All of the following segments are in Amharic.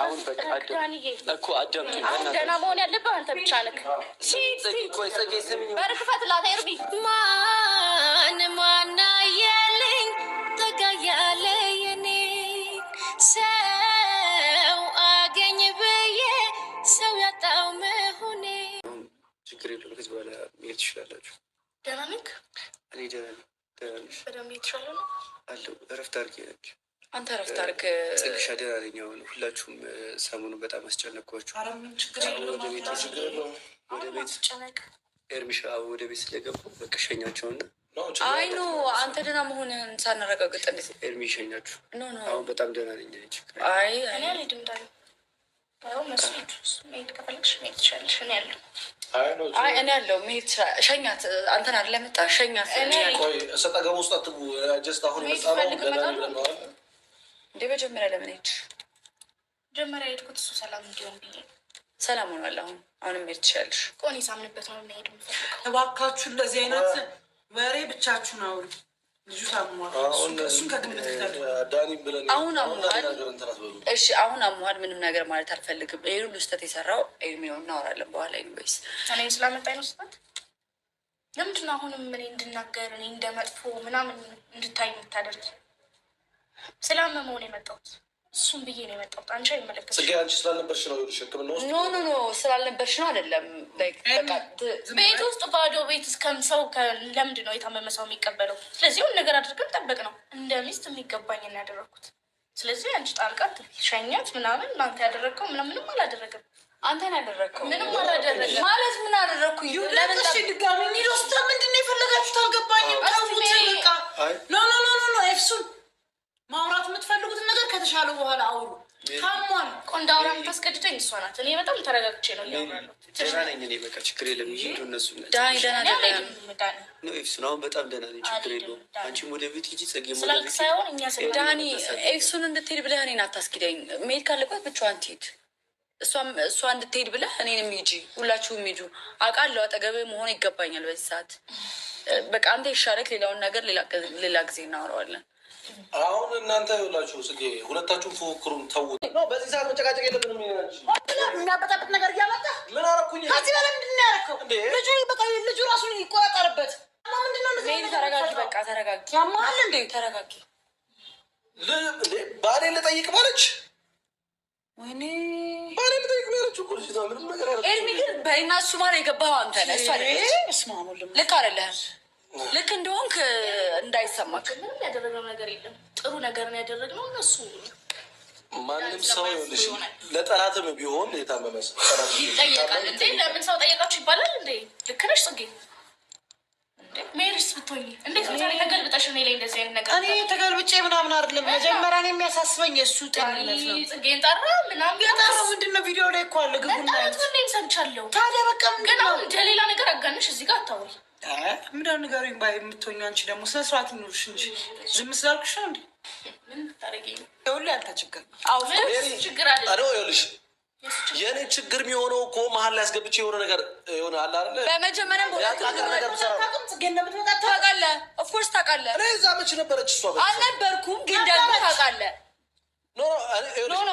አሁን እኮ ደህና መሆን ያለብህ አንተ ብቻ ነህ። በርክፈት ላተርቢ ማን ማና የለኝ ጠጋ ያለ የኔ ሰው አገኝ ብዬ ሰው ያጣው መሆኔ ችግር የለም። ከዚህ በኋላ መሄድ ትችላላችሁ። ደህና ነህ? እኔ ደህና ነኝ። ደህና ነሽ? በደንብ እየተሻለ ነው አለው። እረፍት አድርጌ ነች አንተ ረፍት አድርግ። ጽግሻ ደህና ነኝ። አሁን ሁላችሁም ሰሞኑን በጣም አስጨነቅኳችሁ። ኤርሚሻ ወደ ቤት ስለገቡ በቃ ሸኛቸውና አይ ኖ አንተ ደህና መሆንህን ሳናረጋግጥ እንዴት ኤርሚ ሸኛችሁ? አሁን በጣም ደህና ነኝ። አይ አይ እኔ ያለው መሄድ ሸኛት። አንተን አይደለም መጣ ሸኛት። ሰጠገቡ ውስጥ አትቡ ጀስት አሁን እንደ መጀመሪያ ለምን ሄድሽ? መጀመሪያ ሄድኩት እሱ ሰላም እንዲሆን ብዬ። ሰላም ሆኗል። አሁን አሁንም ሄድ ትችላለሽ። ቆኔ ሳምንበት ነው መሄድ የምፈልገው። እባካችሁ እንደዚህ አይነት ወሬ ብቻችሁን አውሩ። ልጁ ታሟል። እሱን ከግምት አሁን አሟል። እሺ አሁን አሟል። ምንም ነገር ማለት አልፈልግም። ይሄ ሁሉ ስህተት የሰራው ኤርሚያውን እናወራለን በኋላ። ኢንቮይስ እኔ ስላመጣኝ ነው ስህተት ለምንድን ነው አሁንም እኔ እንድናገር እኔ እንደ ምናምን እንድታይ የምታደርግ ስላመመው ነው የመጣሁት። እሱም ብዬ ነው የመጣሁት። አንቺ አይመለከትሽም ፅጌ። አንቺ ስላልነበርሽ ነው ሕክምና ውስጥ ኖ ኖ ኖ ስላልነበርሽ ነው አይደለም። ቤት ውስጥ ባዶ ቤት እስከም ሰው ለምንድን ነው የታመመ ሰው የሚቀበለው? ስለዚህ ሁን ነገር አድርገን ጠበቅ ነው እንደ ሚስት የሚገባኝ እና ያደረግኩት። ስለዚህ አንቺ ጣልቃ ሸኛት ምናምን አንተ ያደረግከው ምንም አላደረግም። አንተን ያደረግከው ምንም አላደረግም ማለት ምን አደረግኩ? ለሽ ድጋሚ ሚሮስታ ምንድን ነው የፈለጋችሁት? አልገባኝም። ኖ ኖ ኖ ኖ ኤፍሱን ማውራት የምትፈልጉትን ነገር ከተሻለ በኋላ አውሩ። ታሟል እኮ እንዳውራ የምታስገድደኝ እሷ ናት። እኔ በጣም ተረጋግቼ ነው ደህና ነኝ። በቃ ችግር የለም። እነሱ ኤፍሱን አሁን በጣም ደህና ነኝ። ችግር የለውም። አንቺም ወደ ቤት ሂጂ። ጸጌ ሳይሆን እኛ ዳኒ ኤፍሱን እንድትሄድ ብለህ እኔን አታስኪደኝ። መሄድ ካለባት ብቻዋን ትሄድ። እሷ እንድትሄድ ብለህ እኔንም ሂጂ፣ ሁላችሁም ሂዱ። አውቃለሁ አጠገብህ መሆን ይገባኛል በዚህ ሰዓት። በቃ አንተ ይሻለክ። ሌላውን ነገር ሌላ ጊዜ እናወራዋለን። አሁን እናንተ ይኸውላችሁ ስ ሁለታችሁም ፉክክሩን ተው። በዚህ ሰዓት መጨቃጨቅ የለብንም። የሚያበጣብጥ ነገር እያመጣ ምን አረኩኝ? ከዚህ በላይ ምንድን ነው ያደረከው? ልጁ በቃ ልጁ ራሱን ይቆጣጠርበት። ምንድን ነው እንደዚህ? ተረጋጊ፣ በቃ ተረጋጊ። ያማል ባሌን ልጠይቅ ማለች ወይኔ ባሌን ልጠይቅ ማለች እኮ ምንም ነገር ግን በእናሱ ማለ የገባኸው አንተ ነህ፣ ልክ አይደለህም ልክ እንደሆንክ እንዳይሰማክ። ምንም ያደረገው ነገር የለም። ጥሩ ነገር ነው ያደረግነው። እነሱ ማንም ሰው ይኸውልሽ፣ ለጠላትም ቢሆን የታመመ ሰው ይጠየቃል። እንዴ ለምን ሰው ጠየቃችሁ ይባላል እንዴ? ልክ ነሽ ጽጌ። ሜሪስ ብትሆኝ እንዴት ዛሬ ተገልብጠሽ እኔ ላይ እንደዚህ አይነት ነገር እኔ ተገልብጬ ምናምን አይደለም። መጀመሪያ እኔ የሚያሳስበኝ የእሱ ጤንነት ነው። ጽጌን ጠራ ምናምን ያጠራ ምንድን ነው? ቪዲዮ ላይ እኮ አለ ግቡ ሰምቻለሁ። ታዲያ በቃ ግን አሁን ለሌላ ነገር አጋንሽ እዚህ ጋር አታወሪ ምንድን ንገሪኝ ባይ የምትሆኝ አንቺ ደግሞ ስነ ስርዓት ይኑርሽ እንጂ ዝም ስላልኩሽ ነው እንዴ? ሁሉ ያንተ ችግር ይኸውልሽ፣ የእኔ ችግር የሚሆነው እኮ መሀል ላይ አስገብቼ የሆነ ነገር የሆነ አለ አለ በመጀመሪያ ታውቃለህ፣ ኦፍኮርስ ታውቃለህ። እኔ እዛ መች ነበረች እሷ አልነበርኩም፣ ግን ደግሞ ታውቃለህ። ኖ ኖ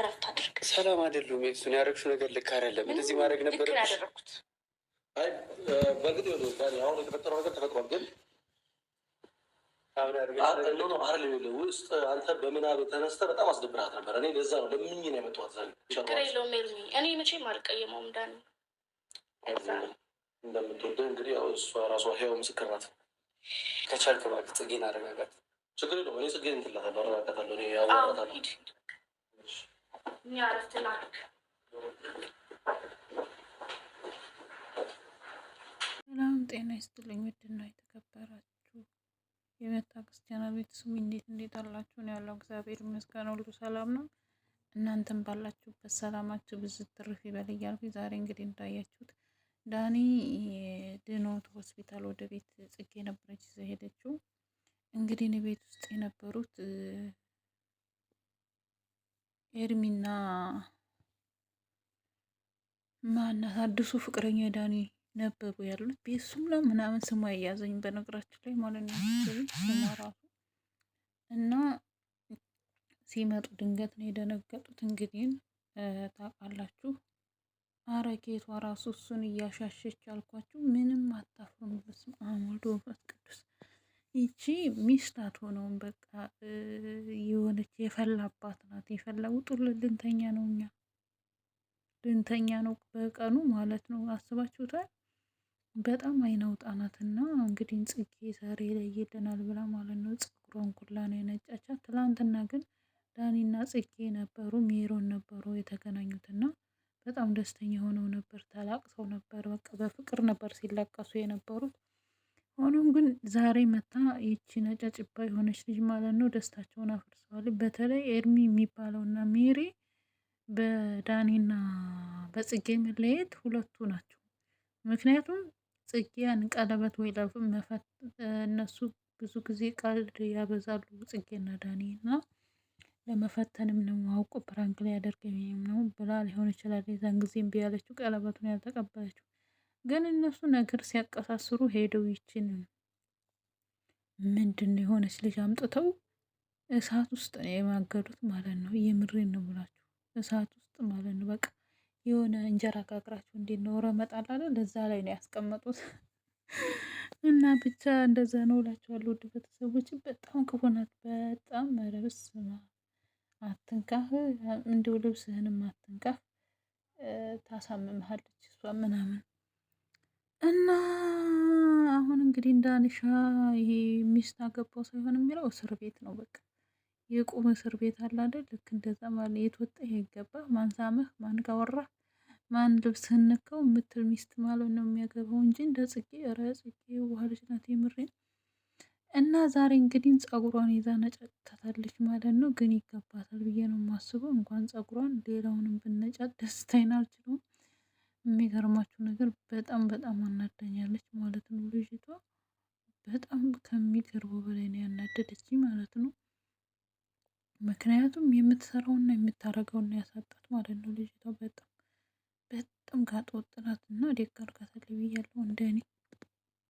እረፍት አድርግ። ሰላም አይደሉም። እሱን ያደረግሽው ነገር ልክ አይደለም። እንደዚህ ማድረግ ነበር ያደረግኩት። ችግር የለውም እኔ ጽጌን አረጋጋት። ችግር የለውም። እኔ ጽጌን እኛ እረፍት ሰላም ጤና ይስጥልኝ። ውድና የተከበራችሁ የመታ ክርስቲያና ቤተሰብ እንዴት እንዴት አላችሁ? ነው ያለው። እግዚአብሔር ይመስገን ሁሉ ሰላም ነው። እናንተም ባላችሁበት ሰላማችሁ ብዙ ትርፍ ይበል እያልኩኝ ዛሬ እንግዲህ እንዳያችሁት ዳኒ ድኖት ሆስፒታል ወደ ቤት ጽጌ ነበረች ሄደችው። እንግዲህ ቤት ውስጥ የነበሩት ኤርሚና ማናት አዲሱ ፍቅረኛ ዳኒ ነበሩ ያሉት ቤሱም ላ ምናምን ስሟ የያዘኝ በነገራችን ላይ ማለት ነው ስሟ ራሱ እና ሲመጡ ድንገት ነው የደነገጡት። እንግዲህ ታውቃላችሁ አረጌቷ ራሱ እሱን እያሻሸች አልኳችሁ ምንም አታፍሩም። በስመ አብ ወወልድ ወመንፈስ ቅዱስ ይቺ ሚስት አትሆነውም። በቃ የሆነች አባት ናት። የፈላ ውጡል ልንተኛ ነው እኛ ልንተኛ ነው በቀኑ ማለት ነው። አስባችሁታል? በጣም አይናውጣ ናትና እንግዲህ ጽጌ ዛሬ ለይልናል ብላ ማለት ነው። ጸጉሯን ኩላ ነው የነጫቻት። ትላንትና ግን ዳኒና ጽጌ ነበሩ፣ ሜሮን ነበሩ የተገናኙትና በጣም ደስተኛ ሆነው ነበር። ተላቅሰው ነበር። በቃ በፍቅር ነበር ሲላቀሱ የነበሩት። ሆኖም ግን ዛሬ መታ ይቺ ነጫጭባ የሆነች ልጅ ማለት ነው ደስታቸውን አፍርሰዋል። በተለይ ኤርሚ የሚባለውና ሜሪ በዳኒና በጽጌ መለየት ሁለቱ ናቸው። ምክንያቱም ጽጌያን ቀለበት ወይ ለብ መፈት እነሱ ብዙ ጊዜ ቀልድ ያበዛሉ ጽጌና ዳኒ እና ለመፈተንም ነው አውቆ ፕራንክ ላይ ነው ብላ ሊሆን ይችላል። የዛን ጊዜ ቢያለችው ቀለበቱን ያልተቀበለችው ግን እነሱ ነገር ሲያቀሳስሩ ሄደው ይችን ምንድን ነው የሆነች ልጅ አምጥተው እሳት ውስጥ ነው የማገዱት ማለት ነው። የምሬን ነው ብላችሁ እሳት ውስጥ ማለት ነው። በቃ የሆነ እንጀራ ጋግራችሁ እንዴት ነው ለዛ ላይ ነው ያስቀመጡት። እና ብቻ እንደዛ ነው እላችኋለሁ። ውድ ቤተሰቦች በጣም ክፉ ናት። በጣም ረብስ አትንካህ፣ እንዲሁ ልብስህንም አትንካህ፣ ታሳምምሃለች እሷ ምናምን እና አሁን እንግዲህ እንዳንሻ ይሄ ሚስት አገባው ሳይሆን የሚለው እስር ቤት ነው። በቃ የቁም እስር ቤት አለ አይደል? ልክ እንደዛ ማለት የት ወጣህ የት ማን ሳመህ፣ ማን ጋር ማን ነካው የምትል ሚስት ማለት ነው የሚያገባው እንጂ እንደ ጽጌ ኧረ ጽጌ የዋህ ልጅ ናት የምሬን። እና ዛሬ እንግዲህ ጸጉሯን ይዛ ነጫጭታታለች ማለት ነው። ግን ይገባታል ብዬ ነው የማስበው። እንኳን ጸጉሯን ሌላውንም ብነጫት ደስታዬን አልችለውም። የሚገርማችሁ ነገር በጣም በጣም አናዳኛለች ማለት ነው ልጅቷ። በጣም ከሚገርበው በላይ ነው ያናደደች ማለት ነው። ምክንያቱም የምትሰራውና የምታረገውና ያሳጣት ማለት ነው ልጅቷ በጣም በጣም ጋጠወጥ ናት እና ደግ አድርጋታለች ብያለሁ እንደኔ